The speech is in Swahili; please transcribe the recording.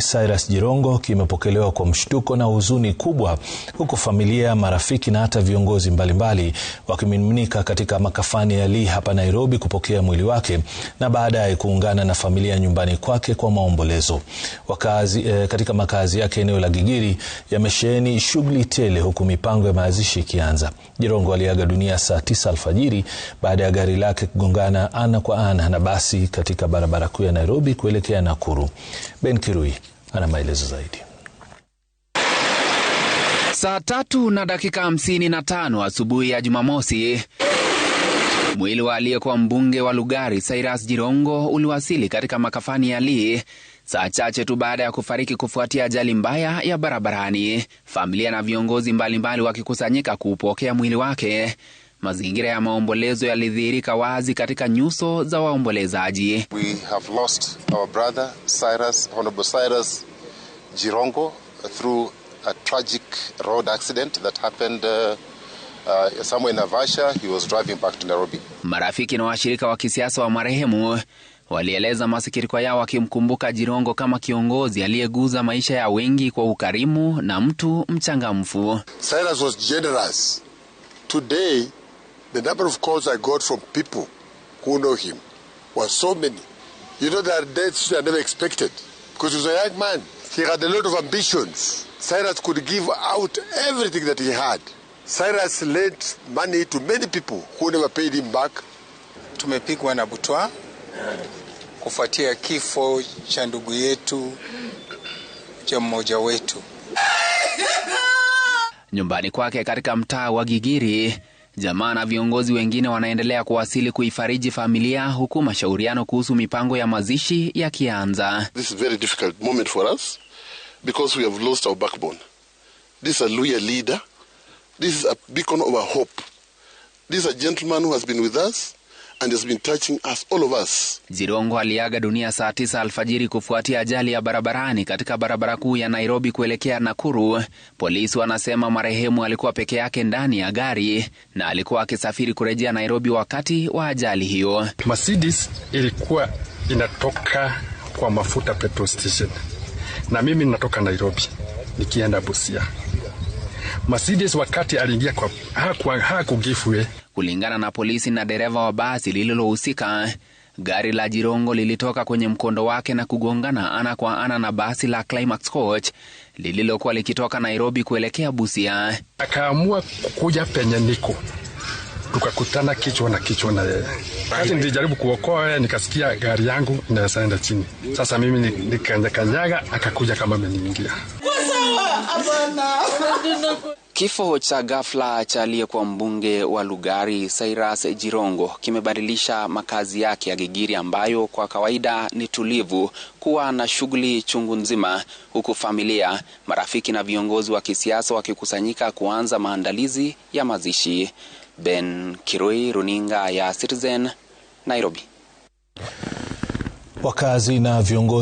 Cyrus Jirongo kimepokelewa kwa mshtuko na huzuni kubwa huku familia, marafiki na hata viongozi mbalimbali wakimiminika katika makafani ya Lee hapa Nairobi kupokea mwili wake na baadaye kuungana na familia nyumbani kwake kwa maombolezo. Wakazi, eh, katika makazi yake eneo la Gigiri yamesheheni shughuli tele huku mipango ya mazishi ikianza. Jirongo aliaga dunia saa tisa alfajiri baada ya gari lake kugongana ana kwa ana na basi katika barabara kuu ya Nairobi kuelekea Nakuru. Ben Kirui ana maelezo zaidi. Saa tatu na dakika hamsini na tano asubuhi ya Jumamosi, mwili wa aliyekuwa mbunge wa Lugari Cyrus Jirongo uliwasili katika makafani ya Lee saa chache tu baada ya kufariki kufuatia ajali mbaya ya barabarani, familia na viongozi mbalimbali wakikusanyika kuupokea mwili wake Mazingira ya maombolezo yalidhihirika wazi katika nyuso za waombolezaji. We have lost our brother Cyrus, Honorable Cyrus Jirongo through a tragic road accident that happened uh, uh, somewhere in Naivasha. He was driving back to Nairobi. Marafiki na washirika wa kisiasa wa marehemu walieleza masikitiko yao wakimkumbuka Jirongo kama kiongozi aliyeguza maisha ya wengi kwa ukarimu na mtu mchangamfu. Cyrus was generous. Today The number of calls I got from people who know him was so many. You know, there are deaths I never expected because he was a young man. He had a lot of ambitions. Cyrus could give out everything that he had. Cyrus lent money to many people who never paid him back. Tumepigwa na butwa kufuatia kifo cha ndugu yetu cha mmoja wetu nyumbani kwake katika mtaa wa Gigiri. Jamaa na viongozi wengine wanaendelea kuwasili kuifariji familia huku mashauriano kuhusu mipango ya mazishi yakianza. This is a beacon of our hope. This is a gentleman who has been with us and has been touching us all of us. Jirongo aliaga dunia saa tisa alfajiri kufuatia ajali ya barabarani katika barabara kuu ya Nairobi kuelekea Nakuru. Polisi wanasema marehemu alikuwa peke yake ndani ya gari na alikuwa akisafiri kurejea Nairobi wakati wa ajali hiyo. Mercedes ilikuwa inatoka kwa mafuta petrol station, na mimi natoka Nairobi nikienda Busia. Mercedes wakati aliingia kwa hakugifwe. Kulingana na polisi na dereva wa basi lililohusika, gari la Jirongo lilitoka kwenye mkondo wake na kugongana ana kwa ana na basi la Climax Coach lililokuwa likitoka Nairobi kuelekea Busia. Akaamua kuja penye niko tukakutana kichwa na kichwa na yeye. Wakati nilijaribu kuokoa yeye, nikasikia gari yangu inaenda chini. Sasa mimi nikanyakanyaga, akakuja kama ameniingia. Kwa sawa, hapana. Kifo cha ghafla cha aliyekuwa mbunge wa Lugari Cyrus Jirongo kimebadilisha makazi yake ya Gigiri ambayo kwa kawaida ni tulivu kuwa na shughuli chungu nzima, huku familia, marafiki na viongozi wa kisiasa wakikusanyika kuanza maandalizi ya mazishi. Ben Kirui, runinga ya Citizen, Nairobi. Wakazi na viongozi